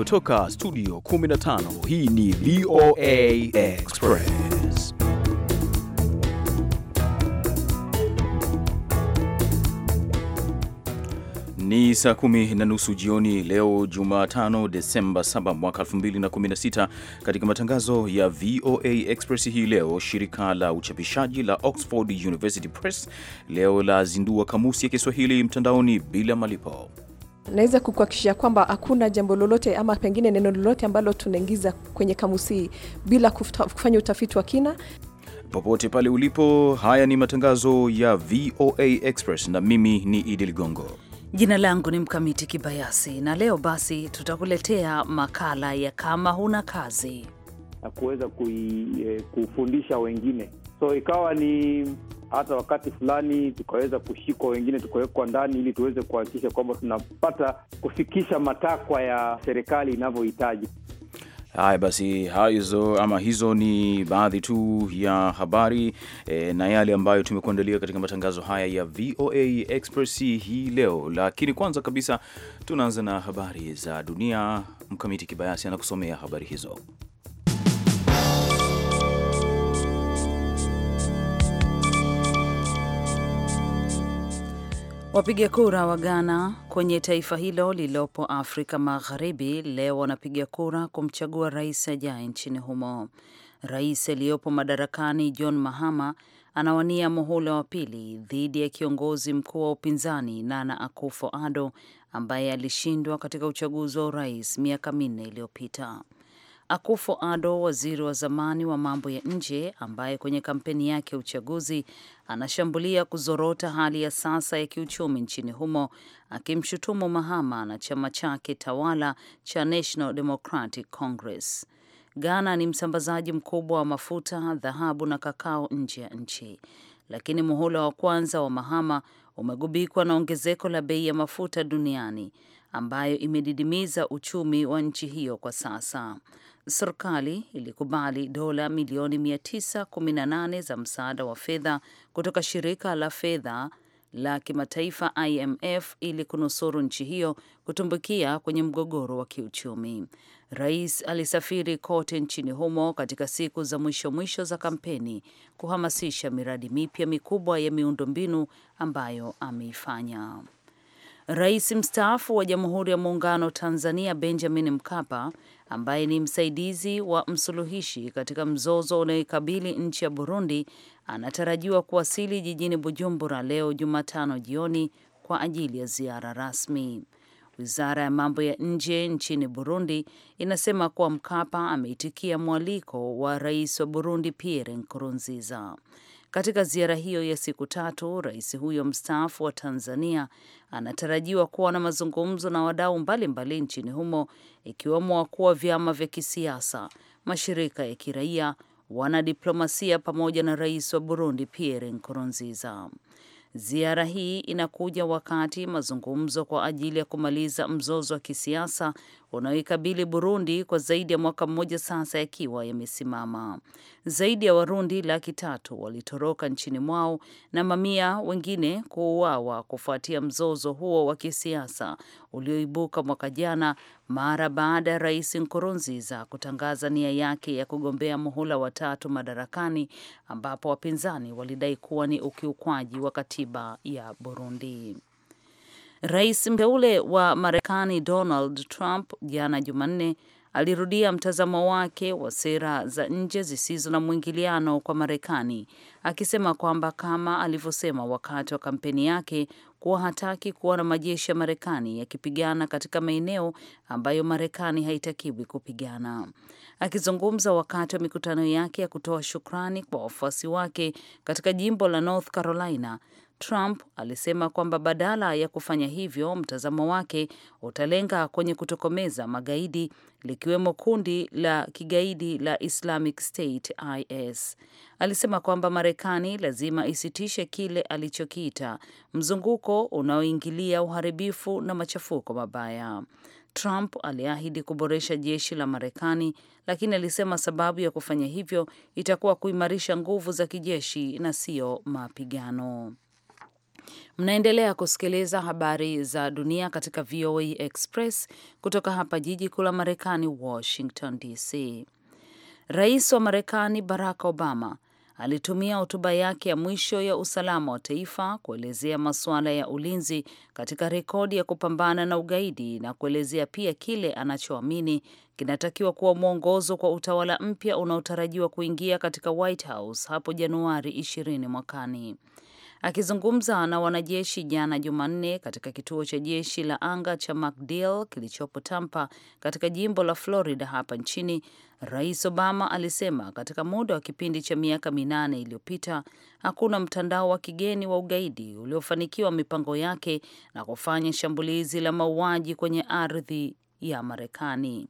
kutoka studio 15 hii ni VOA Express ni saa kumi na nusu jioni leo Jumatano, Desemba 7 mwaka 2016. Katika matangazo ya VOA Express hii leo, shirika la uchapishaji la Oxford University Press leo la zindua kamusi ya Kiswahili mtandaoni bila malipo. Naweza kukuhakikishia kwamba hakuna jambo lolote ama pengine neno lolote ambalo tunaingiza kwenye kamusi bila kufanya utafiti wa kina. Popote pale ulipo, haya ni matangazo ya VOA Express na mimi ni Idi Ligongo. Jina langu ni Mkamiti Kibayasi, na leo basi tutakuletea makala ya kama huna kazi na kuweza eh, kufundisha wengine, so ikawa ni hata wakati fulani tukaweza kushikwa, wengine tukawekwa ndani, ili tuweze kuhakikisha kwamba tunapata kufikisha matakwa ya serikali inavyohitaji. Haya basi, hizo ama hizo ni baadhi tu ya habari e, na yale ambayo tumekuandalia katika matangazo haya ya VOA Express hii leo. Lakini kwanza kabisa tunaanza na habari za dunia. Mkamiti Kibayasi anakusomea habari hizo. Wapiga kura wa Ghana kwenye taifa hilo lililopo Afrika Magharibi leo wanapiga kura kumchagua rais ajaye nchini humo. Rais aliyopo madarakani John Mahama anawania muhula wa pili dhidi ya kiongozi mkuu wa upinzani Nana akufo Ado ambaye alishindwa katika uchaguzi wa urais miaka minne iliyopita akufo ado waziri wa zamani wa mambo ya nje ambaye kwenye kampeni yake ya uchaguzi anashambulia kuzorota hali ya sasa ya kiuchumi nchini humo, akimshutumu Mahama na chama chake tawala cha National Democratic Congress. Ghana ni msambazaji mkubwa wa mafuta, dhahabu na kakao nje ya nchi, lakini muhula wa kwanza wa Mahama umegubikwa na ongezeko la bei ya mafuta duniani ambayo imedidimiza uchumi wa nchi hiyo kwa sasa serikali ilikubali dola milioni 918 za msaada wa fedha kutoka shirika la fedha la kimataifa IMF ili kunusuru nchi hiyo kutumbukia kwenye mgogoro wa kiuchumi. Rais alisafiri kote nchini humo katika siku za mwisho mwisho za kampeni kuhamasisha miradi mipya mikubwa ya miundombinu ambayo ameifanya. Rais mstaafu wa Jamhuri ya Muungano wa Tanzania Benjamin Mkapa, ambaye ni msaidizi wa msuluhishi katika mzozo unaoikabili nchi ya Burundi, anatarajiwa kuwasili jijini Bujumbura leo Jumatano jioni kwa ajili ya ziara rasmi. Wizara ya mambo ya nje nchini Burundi inasema kuwa Mkapa ameitikia mwaliko wa rais wa Burundi Pierre Nkurunziza. Katika ziara hiyo ya siku tatu, rais huyo mstaafu wa Tanzania anatarajiwa kuwa na mazungumzo na wadau mbalimbali nchini humo, ikiwemo wakuu wa vyama vya kisiasa, mashirika ya kiraia, wanadiplomasia pamoja na rais wa Burundi Pierre Nkurunziza. Ziara hii inakuja wakati mazungumzo kwa ajili ya kumaliza mzozo wa kisiasa unaoikabili Burundi kwa zaidi ya mwaka mmoja sasa yakiwa yamesimama. Zaidi ya Warundi laki tatu walitoroka nchini mwao na mamia wengine kuuawa kufuatia mzozo huo wa kisiasa ulioibuka mwaka jana mara baada ya Rais Nkurunziza kutangaza nia yake ya kugombea muhula wa tatu madarakani, ambapo wapinzani walidai kuwa ni ukiukwaji wa katiba ya Burundi. Rais mteule wa Marekani Donald Trump jana Jumanne alirudia mtazamo wake wa sera za nje zisizo na mwingiliano kwa Marekani, akisema kwamba kama alivyosema wakati wa kampeni yake kuwa hataki kuona majeshi ya Marekani yakipigana katika maeneo ambayo Marekani haitakiwi kupigana. Akizungumza wakati wa mikutano yake ya kutoa shukrani kwa wafuasi wake katika jimbo la North Carolina, Trump alisema kwamba badala ya kufanya hivyo, mtazamo wake utalenga kwenye kutokomeza magaidi likiwemo kundi la kigaidi la Islamic State IS. Alisema kwamba Marekani lazima isitishe kile alichokiita mzunguko unaoingilia uharibifu na machafuko mabaya. Trump aliahidi kuboresha jeshi la Marekani, lakini alisema sababu ya kufanya hivyo itakuwa kuimarisha nguvu za kijeshi na sio mapigano. Mnaendelea kusikiliza habari za dunia katika VOA Express kutoka hapa jiji kuu la Marekani, Washington DC. Rais wa Marekani Barack Obama alitumia hotuba yake ya mwisho ya usalama wa taifa kuelezea masuala ya ulinzi katika rekodi ya kupambana na ugaidi na kuelezea pia kile anachoamini kinatakiwa kuwa mwongozo kwa utawala mpya unaotarajiwa kuingia katika White House hapo Januari 20 mwakani. Akizungumza na wanajeshi jana Jumanne katika kituo cha jeshi la anga cha MacDill kilichopo Tampa katika jimbo la Florida hapa nchini, Rais Obama alisema katika muda wa kipindi cha miaka minane iliyopita hakuna mtandao wa kigeni wa ugaidi uliofanikiwa mipango yake na kufanya shambulizi la mauaji kwenye ardhi ya Marekani,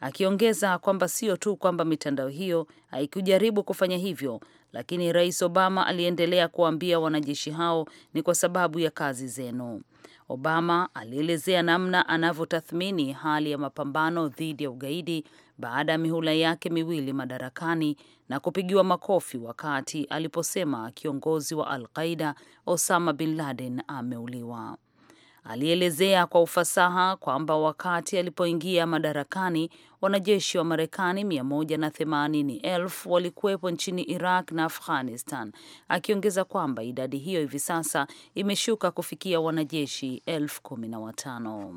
akiongeza kwamba sio tu kwamba mitandao hiyo haikujaribu kufanya hivyo, lakini Rais Obama aliendelea kuwaambia wanajeshi hao ni kwa sababu ya kazi zenu. Obama alielezea namna anavyotathmini hali ya mapambano dhidi ya ugaidi baada ya mihula yake miwili madarakani na kupigiwa makofi wakati aliposema kiongozi wa Al Qaida Osama bin Laden ameuliwa alielezea kwa ufasaha kwamba wakati alipoingia madarakani wanajeshi wa Marekani 180,000 walikuwepo nchini Iraq na Afghanistan, akiongeza kwamba idadi hiyo hivi sasa imeshuka kufikia wanajeshi 15,000.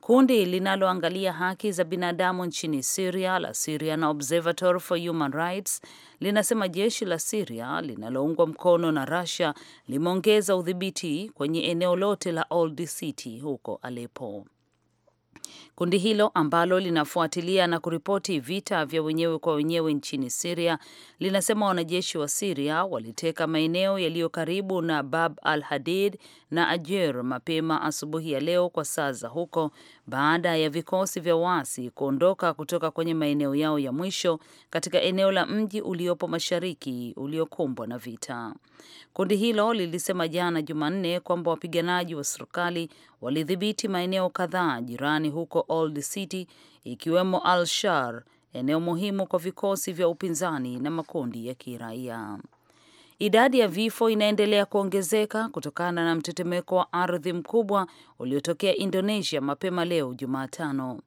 Kundi linaloangalia haki za binadamu nchini Siria la Syrian Observatory for Human Rights linasema jeshi la Siria linaloungwa mkono na Russia limeongeza udhibiti kwenye eneo lote la Old City huko Aleppo. Kundi hilo ambalo linafuatilia na kuripoti vita vya wenyewe kwa wenyewe nchini Siria linasema wanajeshi wa Siria waliteka maeneo yaliyo karibu na Bab al Hadid na Ajer mapema asubuhi ya leo kwa saa za huko, baada ya vikosi vya waasi kuondoka kutoka kwenye maeneo yao ya mwisho katika eneo la mji uliopo mashariki uliokumbwa na vita. Kundi hilo lilisema jana Jumanne kwamba wapiganaji wa serikali walidhibiti maeneo kadhaa jirani huko Old City, ikiwemo Al Shar, eneo muhimu kwa vikosi vya upinzani na makundi ya kiraia. Idadi ya vifo inaendelea kuongezeka kutokana na mtetemeko wa ardhi mkubwa uliotokea Indonesia mapema leo Jumatano.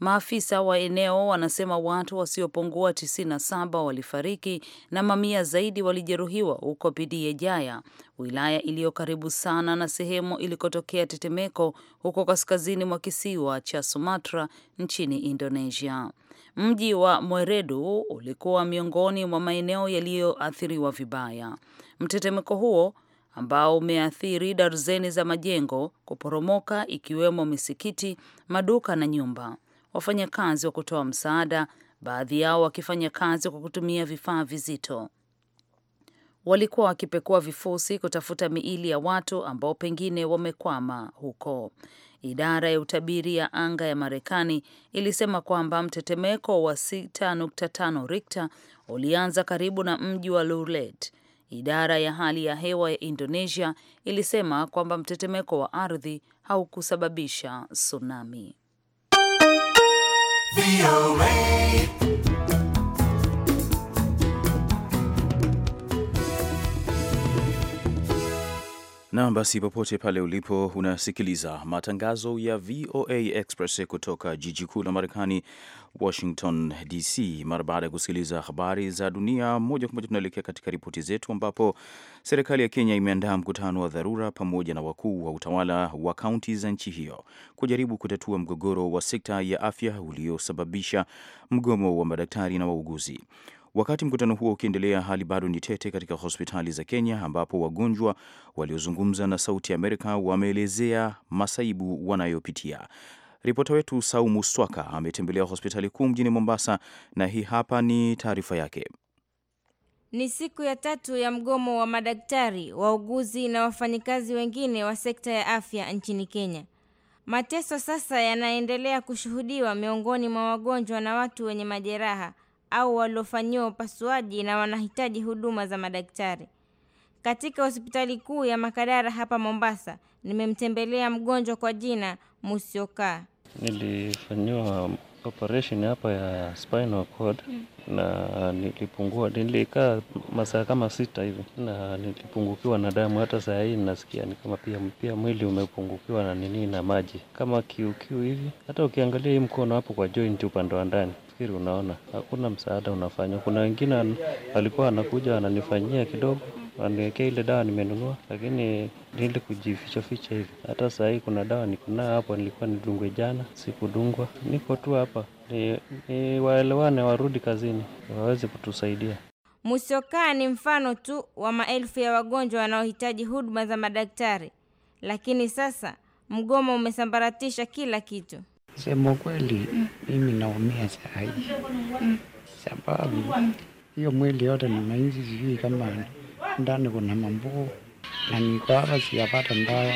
Maafisa wa eneo wanasema watu wasiopungua 97 walifariki na mamia zaidi walijeruhiwa huko Pidie Jaya, wilaya iliyo karibu sana na sehemu ilikotokea tetemeko huko kaskazini mwa kisiwa cha Sumatra nchini Indonesia. Mji wa Mweredu ulikuwa miongoni mwa maeneo yaliyoathiriwa vibaya. Mtetemeko huo ambao umeathiri darzeni za majengo kuporomoka, ikiwemo misikiti, maduka na nyumba. Wafanyakazi wa kutoa msaada, baadhi yao wakifanya kazi kwa kutumia vifaa vizito, walikuwa wakipekua vifusi kutafuta miili ya watu ambao pengine wamekwama huko. Idara ya utabiri ya anga ya Marekani ilisema kwamba mtetemeko wa 6.5 Richter ulianza karibu na mji wa Lulet. Idara ya hali ya hewa ya Indonesia ilisema kwamba mtetemeko wa ardhi haukusababisha tsunami. Nam, basi popote pale ulipo unasikiliza matangazo ya VOA Express kutoka jiji kuu la Marekani, Washington DC. Mara baada ya kusikiliza habari za dunia moja kwa moja, tunaelekea katika ripoti zetu, ambapo serikali ya Kenya imeandaa mkutano wa dharura pamoja na wakuu wa utawala wa kaunti za nchi hiyo kujaribu kutatua mgogoro wa sekta ya afya uliosababisha mgomo wa madaktari na wauguzi. Wakati mkutano huo ukiendelea, hali bado ni tete katika hospitali za Kenya, ambapo wagonjwa waliozungumza na Sauti ya Amerika wameelezea masaibu wanayopitia. Ripota wetu Saumu Swaka ametembelea hospitali kuu mjini Mombasa na hii hapa ni taarifa yake. Ni siku ya tatu ya mgomo wa madaktari, wauguzi na wafanyikazi wengine wa sekta ya afya nchini Kenya. Mateso sasa yanaendelea kushuhudiwa miongoni mwa wagonjwa na watu wenye majeraha au waliofanyiwa upasuaji na wanahitaji huduma za madaktari. Katika hospitali kuu ya Makadara hapa Mombasa, nimemtembelea mgonjwa kwa jina Musioka. Nilifanyiwa operation hapa ya spinal cord mm. na nilipungua, nilikaa masaa kama sita hivi na nilipungukiwa na damu. Hata saa hii nasikia ni kama pia, pia mwili umepungukiwa na nini na maji kama kiukiu hivi. Hata ukiangalia hii mkono hapo kwa joint upande wa ndani usafiri unaona hakuna msaada unafanywa. Kuna wengine walikuwa wanakuja wananifanyia kidogo waniwekea ile dawa nimenunua, lakini nili kujificha ficha hivi. Hata saa hii kuna dawa niko nayo hapo, nilikuwa nidungwe jana, sikudungwa. Niko tu hapa ni, ni waelewane, warudi kazini, waweze kutusaidia. Musiokaa ni mfano tu wa maelfu ya wagonjwa wanaohitaji huduma za madaktari, lakini sasa mgomo umesambaratisha kila kitu. Sema kweli mm. mimi naumia saa hii mm. sababu hiyo mwili yote nimaizi, sijui kama ndani kuna mambuu na niko hapa sijapata ndawa.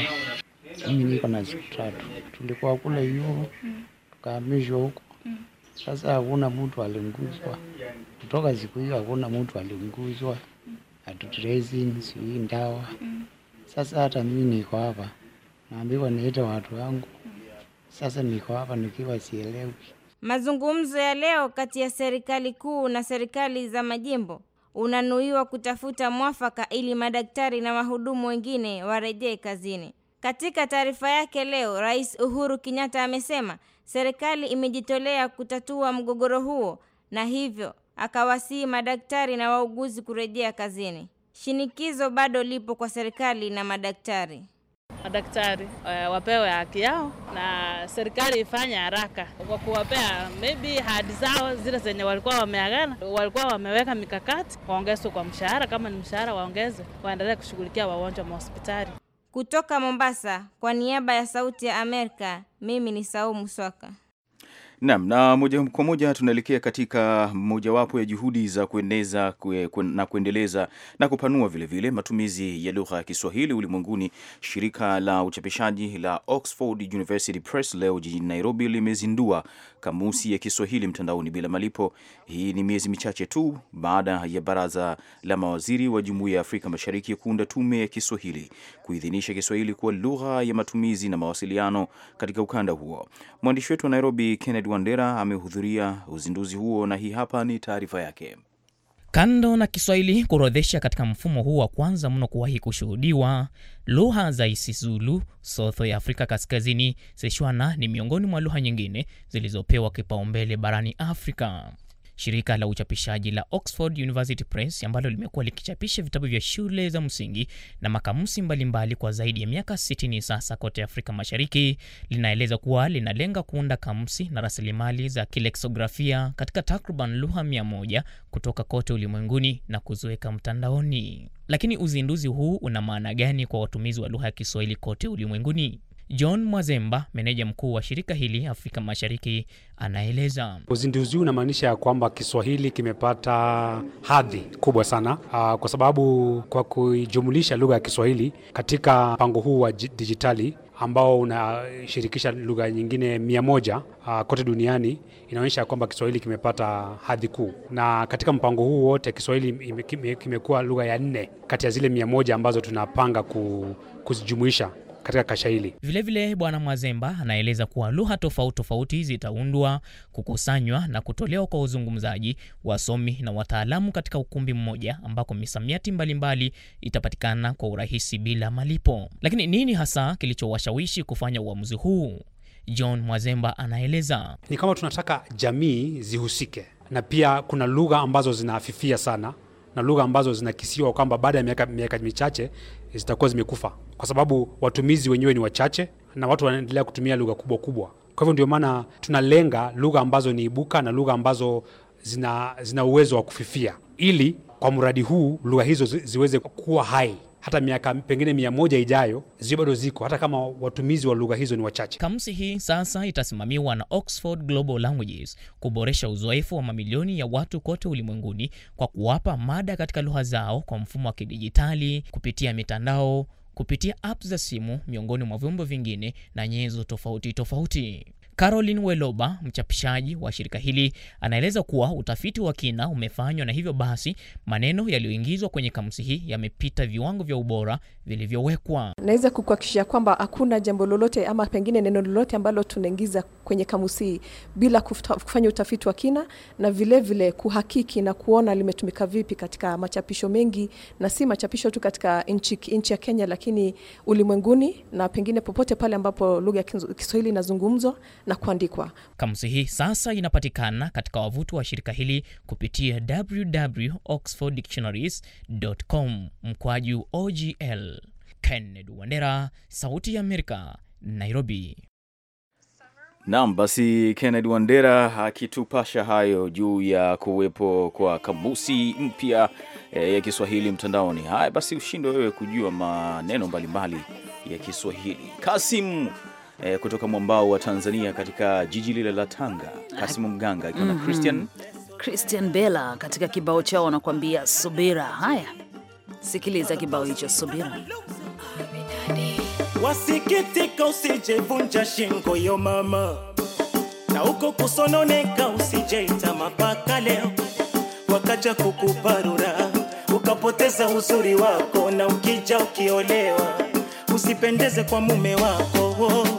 Mimi niko na siku tatu, tulikuwa kule juu tukahamishwa huko. Sasa hakuna mtu alinguzwa kutoka siku hiyo, hakuna mtu alinguzwa atutracing, sijui ndawa. Sasa hata mimi niko hapa naambiwa niite watu wangu sasa niko hapa nikiwa sielewi. Mazungumzo ya leo kati ya serikali kuu na serikali za majimbo unanuiwa kutafuta mwafaka ili madaktari na wahudumu wengine warejee kazini. Katika taarifa yake leo, Rais Uhuru Kenyatta amesema serikali imejitolea kutatua mgogoro huo na hivyo akawasihi madaktari na wauguzi kurejea kazini. Shinikizo bado lipo kwa serikali na madaktari. Madaktari eh, wapewe haki yao na serikali ifanye haraka kwa kuwapea maybe hadi zao zile zenye walikuwa wameagana, walikuwa wameweka mikakati, waongezwe kwa mshahara, kama ni mshahara waongeze, waendelee kushughulikia wagonjwa mahospitali. Kutoka Mombasa, kwa niaba ya Sauti ya Amerika, mimi ni Saumu Swaka. Naam, na moja kwa moja tunaelekea katika mojawapo ya juhudi za kueneza kue, kue, na kuendeleza na kupanua vilevile vile matumizi ya lugha ya Kiswahili ulimwenguni. Shirika la uchapishaji la Oxford University Press leo jijini Nairobi limezindua kamusi ya Kiswahili mtandaoni bila malipo. Hii ni miezi michache tu baada ya baraza la mawaziri wa Jumuiya ya Afrika Mashariki kuunda tume ya Kiswahili kuidhinisha Kiswahili kuwa lugha ya matumizi na mawasiliano katika ukanda huo. Mwandishi wetu wa Nairobi Kenneth Wandera amehudhuria uzinduzi huo na hii hapa ni taarifa yake. Kando na Kiswahili kuorodhesha katika mfumo huu wa kwanza mno kuwahi kushuhudiwa, lugha za Isizulu, Sotho ya Afrika Kaskazini, Setswana ni miongoni mwa lugha nyingine zilizopewa kipaumbele barani Afrika. Shirika la uchapishaji la Oxford University Press ambalo limekuwa likichapisha vitabu vya shule za msingi na makamusi mbalimbali mbali kwa zaidi ya miaka 60 sasa kote Afrika Mashariki linaeleza kuwa linalenga kuunda kamusi na rasilimali za kileksografia katika takriban lugha mia moja kutoka kote ulimwenguni na kuziweka mtandaoni. Lakini uzinduzi huu una maana gani kwa watumizi wa lugha ya Kiswahili kote ulimwenguni? John Mwazemba, meneja mkuu wa shirika hili Afrika Mashariki, anaeleza. Uzinduzi huu unamaanisha ya kwamba Kiswahili kimepata hadhi kubwa sana ah, kwa sababu kwa kujumulisha lugha ya Kiswahili katika mpango huu wa dijitali ambao unashirikisha lugha nyingine mia moja ah, kote duniani inaonyesha kwamba Kiswahili kimepata hadhi kuu, na katika mpango huu wote Kiswahili kimekuwa lugha ya nne kati ya zile mia moja ambazo tunapanga kuzijumuisha katika kasha hili. Vilevile, Bwana Mwazemba anaeleza kuwa lugha tofauti tofauti zitaundwa, kukusanywa na kutolewa kwa uzungumzaji, wasomi na wataalamu katika ukumbi mmoja ambako misamiati mbalimbali mbali itapatikana kwa urahisi bila malipo. Lakini nini hasa kilichowashawishi kufanya uamuzi huu? John Mwazemba anaeleza. Ni kama tunataka jamii zihusike, na pia kuna lugha ambazo zinaafifia sana na lugha ambazo zinakisiwa kwamba baada ya miaka michache zitakuwa zimekufa kwa sababu watumizi wenyewe ni wachache na watu wanaendelea kutumia lugha kubwa kubwa. Kwa hivyo ndio maana tunalenga lugha ambazo ni ibuka na lugha ambazo zina, zina uwezo wa kufifia ili kwa mradi huu lugha hizo ziweze kuwa hai hata miaka pengine mia moja ijayo zio bado ziko, hata kama watumizi wa lugha hizo ni wachache. Kamusi hii sasa itasimamiwa na Oxford Global Languages kuboresha uzoefu wa mamilioni ya watu kote ulimwenguni kwa kuwapa mada katika lugha zao kwa mfumo wa kidijitali kupitia mitandao, kupitia ap za simu, miongoni mwa vyombo vingine na nyenzo tofauti tofauti. Caroline Weloba, mchapishaji wa shirika hili, anaeleza kuwa utafiti wa kina umefanywa na hivyo basi maneno yaliyoingizwa kwenye kamusi hii yamepita viwango vya ubora vilivyowekwa. Naweza kukuhakikishia kwamba hakuna jambo lolote ama pengine neno lolote ambalo tunaingiza kwenye kamusi hii bila kufanya utafiti wa kina na vilevile vile kuhakiki na kuona limetumika vipi katika machapisho mengi, na si machapisho tu katika nchi, nchi ya Kenya, lakini ulimwenguni na pengine popote pale ambapo lugha ya Kiswahili inazungumzwa na kuandikwa. Kamusi hii sasa inapatikana katika wavuti wa shirika hili kupitia www.oxforddictionaries.com mkwaju OGL. Kennedy Wandera, Sauti ya Amerika, Nairobi. Naam, basi Kennedy Wandera akitupasha hayo juu ya kuwepo kwa kamusi mpya e, ya Kiswahili mtandaoni. Haya basi, ushindo wewe kujua maneno mbalimbali ya Kiswahili. Kasim e, kutoka mwambao wa Tanzania katika jiji lile la Tanga, Kasimu Mganga akiwa na mm -hmm. Christian Christian Bella katika kibao chao wanakuambia subira. Haya, sikiliza kibao hicho subira. Wasikitika, usijevunja shingo yo mama, na huko kusononeka ita mapaka leo, wakaja kukuparura ukapoteza uzuri wako, na ukija ukiolewa usipendeze kwa mume wako. Oh.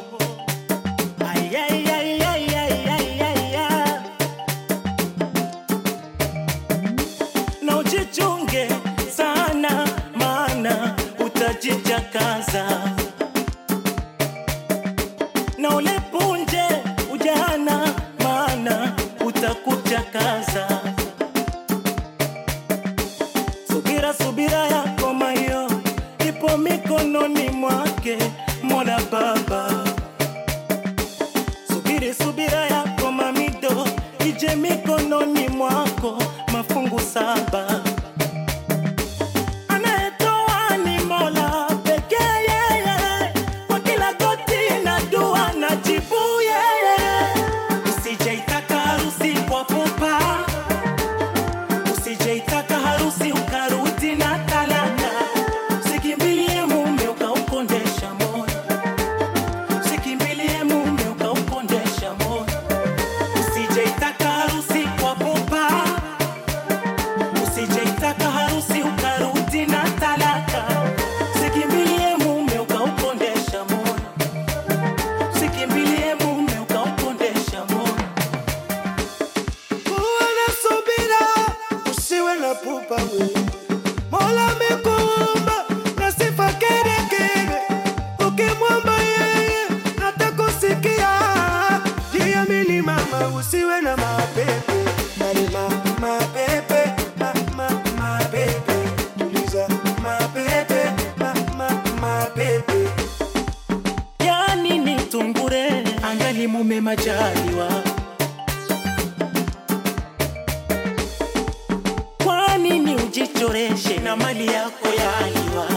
na mali yako ya aliwa,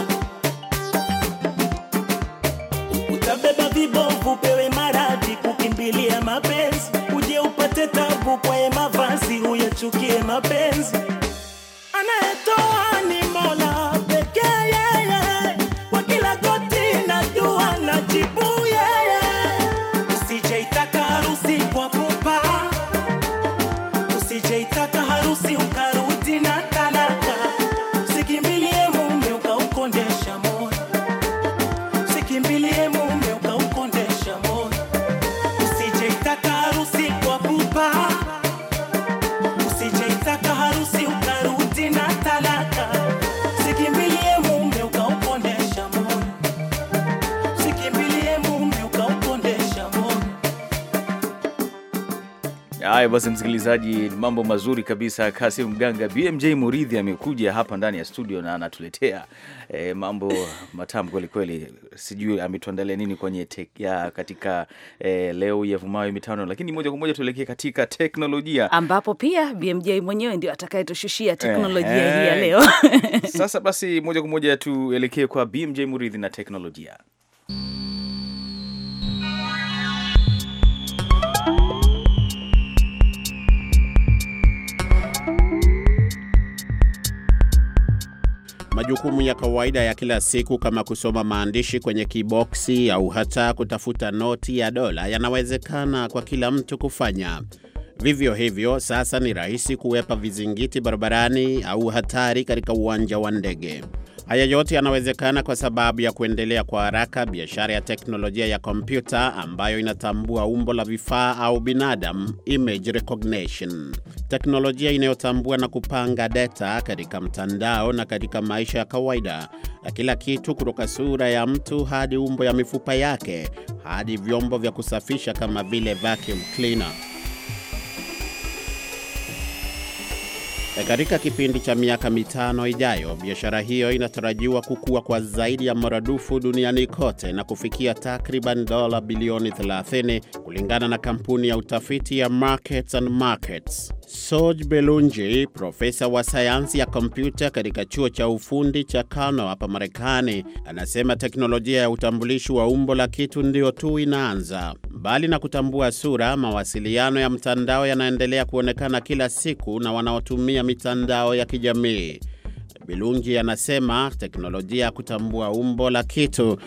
utabeba vibovu, pewe maradhi, kukimbilia mapenzi, uje upate tabu kwaye mavazi, uyachukie mapenzi Haya basi, msikilizaji, mambo mazuri kabisa. Kasim Mganga, BMJ Muridhi amekuja hapa ndani ya studio na anatuletea e, mambo matamu kwelikweli. Sijui ametuandalia nini kwenye ya katika e, leo yavumayo mitano, lakini moja kwa moja tuelekee katika teknolojia ambapo pia BMJ mwenyewe ndio atakayetushushia teknolojia hii ya eh, leo. Sasa basi, moja kwa moja tuelekee kwa BMJ Muridhi na teknolojia. majukumu ya kawaida ya kila siku kama kusoma maandishi kwenye kiboksi au hata kutafuta noti ya dola yanawezekana kwa kila mtu kufanya. Vivyo hivyo, sasa ni rahisi kuwepa vizingiti barabarani au hatari katika uwanja wa ndege. Haya yote yanawezekana kwa sababu ya kuendelea kwa haraka biashara ya teknolojia ya kompyuta ambayo inatambua umbo la vifaa au binadamu, image recognition, teknolojia inayotambua na kupanga data katika mtandao na katika maisha ya kawaida, kila kitu kutoka sura ya mtu hadi umbo ya mifupa yake hadi vyombo vya kusafisha kama vile vacuum cleaner. E, katika kipindi cha miaka mitano ijayo, biashara hiyo inatarajiwa kukua kwa zaidi ya maradufu duniani kote na kufikia takriban dola bilioni 30 kulingana na kampuni ya utafiti ya Markets and Markets. Soj Belunji, profesa wa sayansi ya kompyuta katika chuo cha ufundi cha Kano hapa Marekani, anasema teknolojia ya utambulishi wa umbo la kitu ndio tu inaanza. Mbali na kutambua sura, mawasiliano ya mtandao yanaendelea kuonekana kila siku na wanaotumia mitandao ya kijamii. Bilungi anasema teknolojia ya kutambua umbo la kitu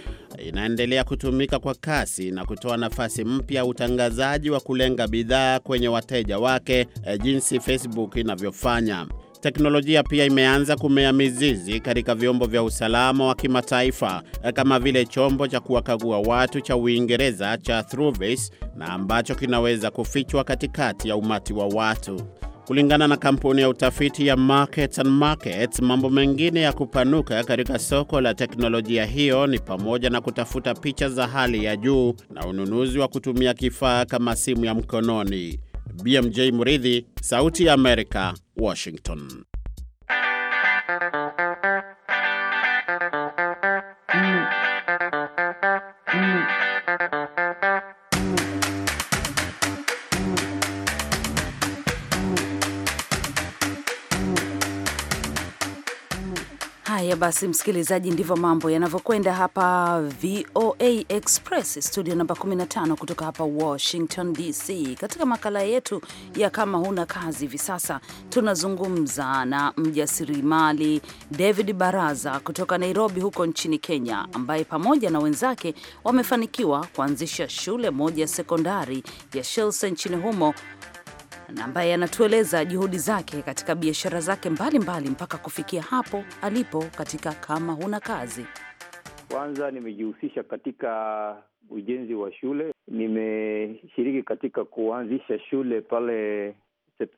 inaendelea kutumika kwa kasi na kutoa nafasi mpya utangazaji wa kulenga bidhaa kwenye wateja wake eh, jinsi Facebook inavyofanya. Teknolojia pia imeanza kumea mizizi katika vyombo vya usalama wa kimataifa eh, kama vile chombo cha kuwakagua watu cha Uingereza cha Thruvis na ambacho kinaweza kufichwa katikati ya umati wa watu. Kulingana na kampuni ya utafiti ya Markets and Markets, mambo mengine ya kupanuka katika soko la teknolojia hiyo ni pamoja na kutafuta picha za hali ya juu na ununuzi wa kutumia kifaa kama simu ya mkononi. BMJ Muridhi, Sauti ya Amerika, Washington. Haya basi, msikilizaji, ndivyo mambo yanavyokwenda hapa VOA Express, studio namba 15 kutoka hapa Washington DC. Katika makala yetu ya kama huna kazi, hivi sasa tunazungumza na mjasirimali David Baraza kutoka Nairobi huko nchini Kenya, ambaye pamoja na wenzake wamefanikiwa kuanzisha shule moja ya sekondari ya Shelsa nchini humo ambaye anatueleza juhudi zake katika biashara zake mbalimbali mbali, mpaka kufikia hapo alipo katika kama huna kazi. Kwanza nimejihusisha katika ujenzi wa shule, nimeshiriki katika kuanzisha shule pale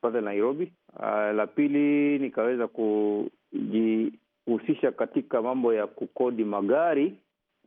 pale Nairobi. Uh, la pili nikaweza kujihusisha katika mambo ya kukodi magari.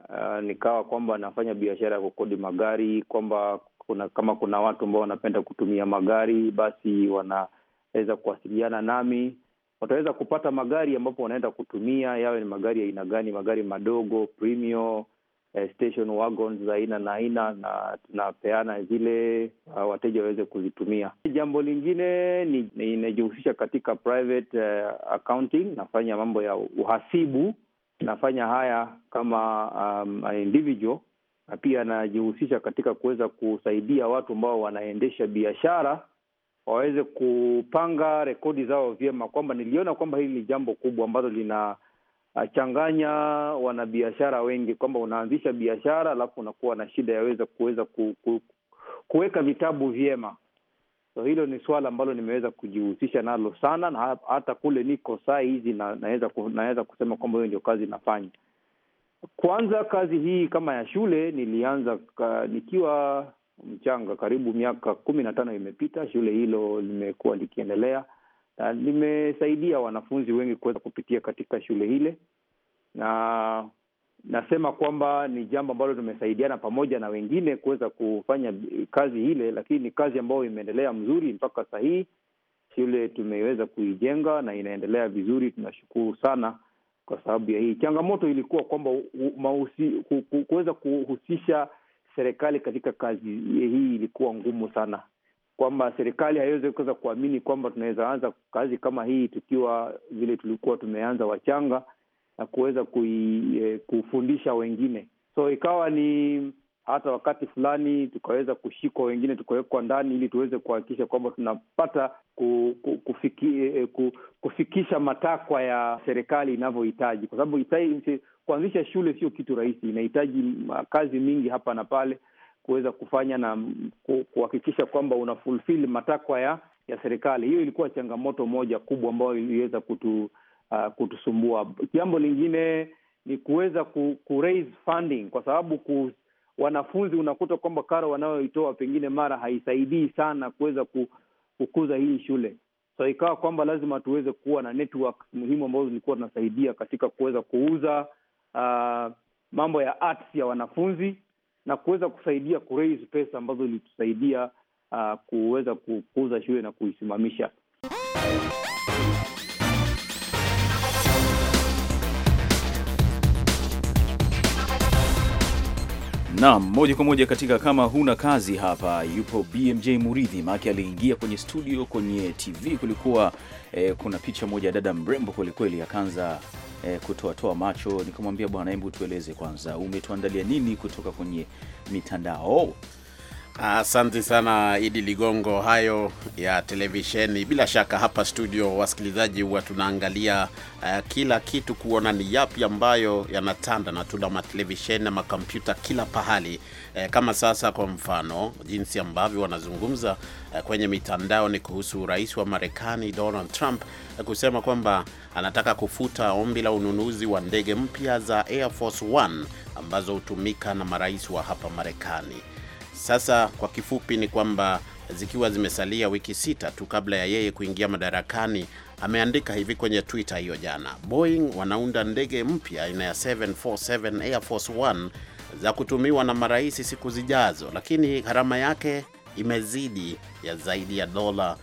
Uh, nikawa kwamba nafanya biashara ya kukodi magari, kwamba kuna kama kuna watu ambao wanapenda kutumia magari, basi wanaweza kuwasiliana nami, wataweza kupata magari ambapo wanaenda kutumia, yawe ni magari ya aina gani, magari madogo, premio eh, station wagons za aina na aina, na tunapeana zile uh, wateja waweze kuzitumia. Jambo lingine ni inajihusisha katika private uh, accounting, nafanya mambo ya uhasibu, nafanya haya kama um, individual na pia anajihusisha katika kuweza kusaidia watu ambao wanaendesha biashara waweze kupanga rekodi zao vyema, kwamba niliona kwamba hili ni jambo kubwa ambalo linachanganya wanabiashara wengi, kwamba unaanzisha biashara alafu unakuwa na shida yaweza kuweza ku, ku, kuweka vitabu vyema. So hilo ni suala ambalo nimeweza kujihusisha nalo sana, na hata kule niko saa hizi na, naweza, naweza kusema kwamba hiyo ndio kazi inafanya kwanza kazi hii kama ya shule nilianza ka, nikiwa mchanga, karibu miaka kumi na tano imepita. Shule hilo limekuwa likiendelea na limesaidia wanafunzi wengi kuweza kupitia katika shule hile, na nasema kwamba ni jambo ambalo tumesaidiana pamoja na wengine kuweza kufanya kazi hile, lakini ni kazi ambayo imeendelea mzuri mpaka saa Shule tumeweza kuijenga na inaendelea vizuri, tunashukuru sana kwa sababu ya hii changamoto. Ilikuwa kwamba kuweza kuhusisha serikali katika kazi hii ilikuwa ngumu sana, kwamba serikali haiwezi kuweza kuamini kwamba tunaweza anza kazi kama hii tukiwa vile tulikuwa tumeanza wachanga na kuweza eh, kufundisha wengine, so ikawa ni hata wakati fulani tukaweza kushikwa, wengine tukawekwa ndani, ili tuweze kuhakikisha kwamba tunapata kufiki, eh, kufikisha matakwa ya serikali inavyohitaji, kwa sababu kuanzisha shule sio kitu rahisi, inahitaji kazi mingi hapa na pale kuweza kufanya na kuhakikisha kwamba unafulfill matakwa ya ya serikali. Hiyo ilikuwa changamoto moja kubwa ambayo iliweza kutu, uh, kutusumbua. Jambo lingine ni kuweza ku, ku raise funding kwa sababu ku, wanafunzi, unakuta kwamba karo wanayoitoa pengine mara haisaidii sana kuweza kukuza hii shule. So ikawa kwamba lazima tuweze kuwa na networks muhimu ambazo zilikuwa zinasaidia katika kuweza kuuza uh, mambo ya arts ya wanafunzi na kuweza kusaidia kuraise pesa ambazo ilitusaidia uh, ah, kuweza kukuza shule na kuisimamisha. Naam, moja kwa moja katika kama huna kazi hapa, yupo BMJ Muridhi maake aliingia kwenye studio, kwenye TV kulikuwa eh, kuna picha moja ya dada mrembo kwelikweli, akaanza eh, kutoatoa macho, nikamwambia bwana, hebu tueleze kwanza umetuandalia nini kutoka kwenye mitandao? Asante sana Idi Ligongo. Hayo ya televisheni, bila shaka hapa studio wasikilizaji huwa tunaangalia uh, kila kitu kuona ni yapi ambayo yanatanda, na tuna matelevisheni na makompyuta kila pahali uh, kama sasa, kwa mfano jinsi ambavyo wanazungumza uh, kwenye mitandao ni kuhusu rais wa Marekani Donald Trump uh, kusema kwamba anataka kufuta ombi la ununuzi wa ndege mpya za Air Force One ambazo hutumika na marais wa hapa Marekani. Sasa kwa kifupi ni kwamba zikiwa zimesalia wiki sita tu kabla ya yeye kuingia madarakani, ameandika hivi kwenye Twitter hiyo jana: Boeing wanaunda ndege mpya aina ya 747 Air Force One za kutumiwa na marais siku zijazo, lakini gharama yake imezidi ya zaidi ya dola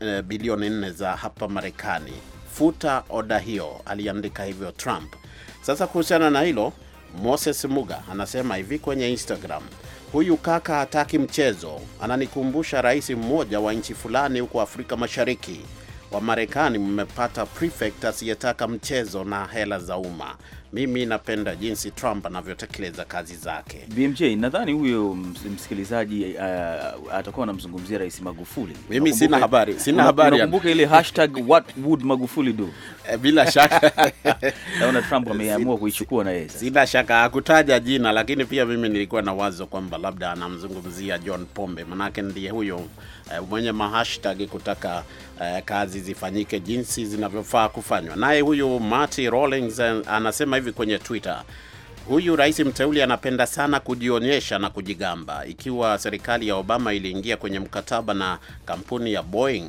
eh, bilioni nne za hapa Marekani. Futa oda hiyo, aliandika hivyo Trump. Sasa kuhusiana na hilo, Moses Muga anasema hivi kwenye Instagram: Huyu kaka hataki mchezo, ananikumbusha rais mmoja wa nchi fulani huko Afrika Mashariki. Wamarekani mmepata prefect asiyetaka mchezo na hela za umma mimi napenda jinsi Trump anavyotekeleza kazi zake. BMJ, nadhani huyo msikilizaji uh, atakuwa anamzungumzia Rais Magufuli. Mimi nakumbuke, sina habari, sina habari. Nakumbuka ile hashtag what would Magufuli do? Eh, bila shaka naona Trump ameamua kuichukua na yeye. Sina shaka hakutaja jina, lakini pia mimi nilikuwa na wazo kwamba labda anamzungumzia John Pombe, manake ndiye huyo uh, mwenye mahashtag kutaka uh, kazi zifanyike jinsi zinavyofaa kufanywa. Naye huyu Marty Rawlings anasema hivi kwenye Twitter, huyu rais mteuli anapenda sana kujionyesha na kujigamba. Ikiwa serikali ya Obama iliingia kwenye mkataba na kampuni ya Boeing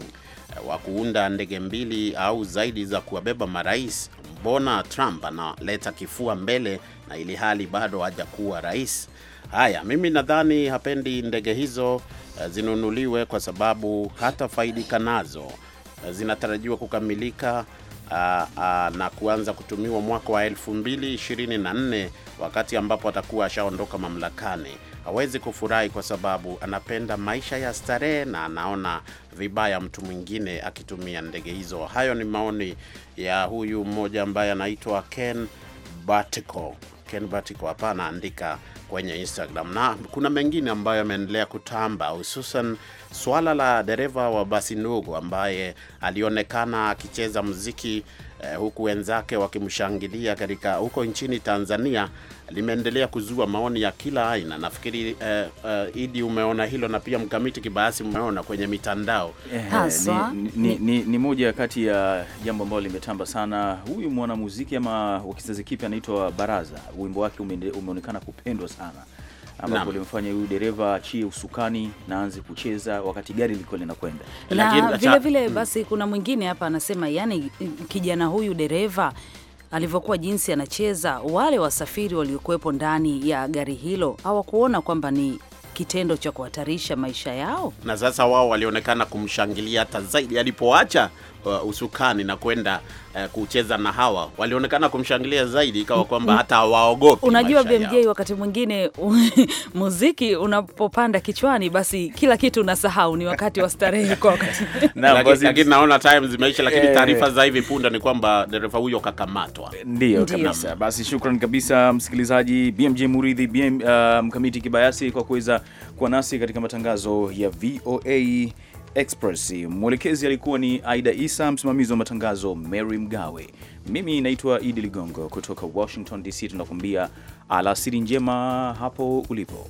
eh, wa kuunda ndege mbili au zaidi za kuwabeba marais, mbona Trump analeta kifua mbele na ili hali bado hajakuwa rais? Haya, mimi nadhani hapendi ndege hizo eh, zinunuliwe, kwa sababu hata nazo eh, zinatarajiwa kukamilika Ah, ah, na kuanza kutumiwa mwaka wa 2024 wakati ambapo atakuwa ashaondoka mamlakani. Hawezi kufurahi kwa sababu anapenda maisha ya starehe na anaona vibaya mtu mwingine akitumia ndege hizo. Hayo ni maoni ya huyu mmoja ambaye anaitwa Ken batico Kenbert iko hapa anaandika kwenye Instagram, na kuna mengine ambayo yameendelea kutamba, hususan swala la dereva wa basi ndogo ambaye alionekana akicheza muziki eh, huku wenzake wakimshangilia katika huko nchini Tanzania limeendelea kuzua maoni ya kila aina. Nafikiri eh, eh, Idi umeona hilo na pia Mkamiti Kibayasi umeona kwenye mitandao eh, eh ni, ni, ni, ni moja kati ya jambo ambalo limetamba sana. Huyu mwanamuziki ama wa kizazi kipya anaitwa Baraza, wimbo wake umeonekana kupendwa sana ambapo limfanya huyu dereva achie usukani na anze kucheza wakati gari liko linakwenda. Na vile vile mm. basi, kuna mwingine hapa anasema, yani kijana huyu dereva alivyokuwa jinsi anacheza, wale wasafiri waliokuwepo ndani ya gari hilo hawakuona kwamba ni kitendo cha kuhatarisha maisha yao, na sasa wao walionekana kumshangilia hata zaidi alipoacha uh, usukani na kwenda uh, kucheza na hawa, walionekana kumshangilia zaidi, ikawa kwamba hata hawaogopi. Unajua BMJ, wakati mwingine muziki unapopanda kichwani, basi kila kitu unasahau, ni wakati wa starehe kwa wakati lakini naona time zimeisha, lakini eh. taarifa za hivi punda ni kwamba dereva huyo kakamatwa. Ndio kabisa. Basi shukran kabisa msikilizaji BMJ Muridhi, BM, uh, Mkamiti Kibayasi kwa kuweza kuwa nasi katika matangazo ya VOA Express. Mwelekezi alikuwa ni Aida Isa, msimamizi wa matangazo Mary Mgawe. Mimi naitwa Idi Ligongo kutoka Washington DC, tunakuambia alasiri njema hapo ulipo.